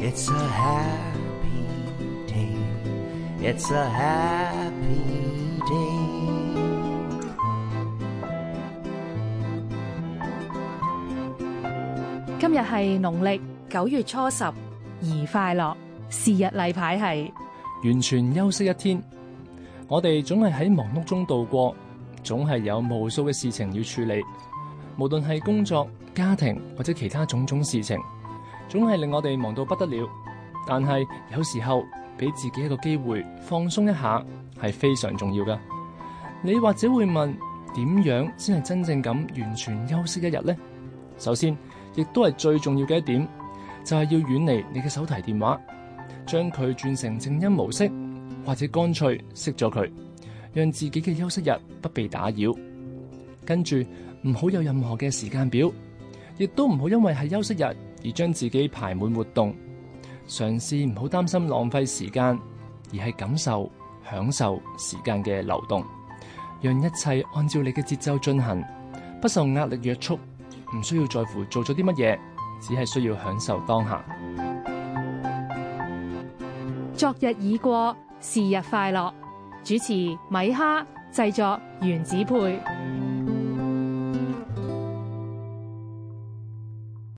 It's a happy day. It's a happy day。今日係農曆九月初十，宜快樂。是日例牌係完全休息一天。我哋總係喺忙碌中度過，總係有無數嘅事情要處理，無論係工作、家庭或者其他種種事情。總係令我哋忙到不得了，但係有時候俾自己一個機會放鬆一下係非常重要㗎。你或者會問，點樣先係真正咁完全休息一日呢？首先，亦都係最重要嘅一點，就係要遠離你嘅手提電話，將佢轉成靜音模式，或者乾脆熄咗佢，讓自己嘅休息日不被打擾。跟住唔好有任何嘅時間表，亦都唔好因為係休息日。而將自己排滿活動，嘗試唔好擔心浪費時間，而係感受享受時間嘅流動，讓一切按照你嘅節奏進行，不受壓力約束，唔需要在乎做咗啲乜嘢，只係需要享受當下。昨日已過，是日快樂。主持米哈，製作原子配。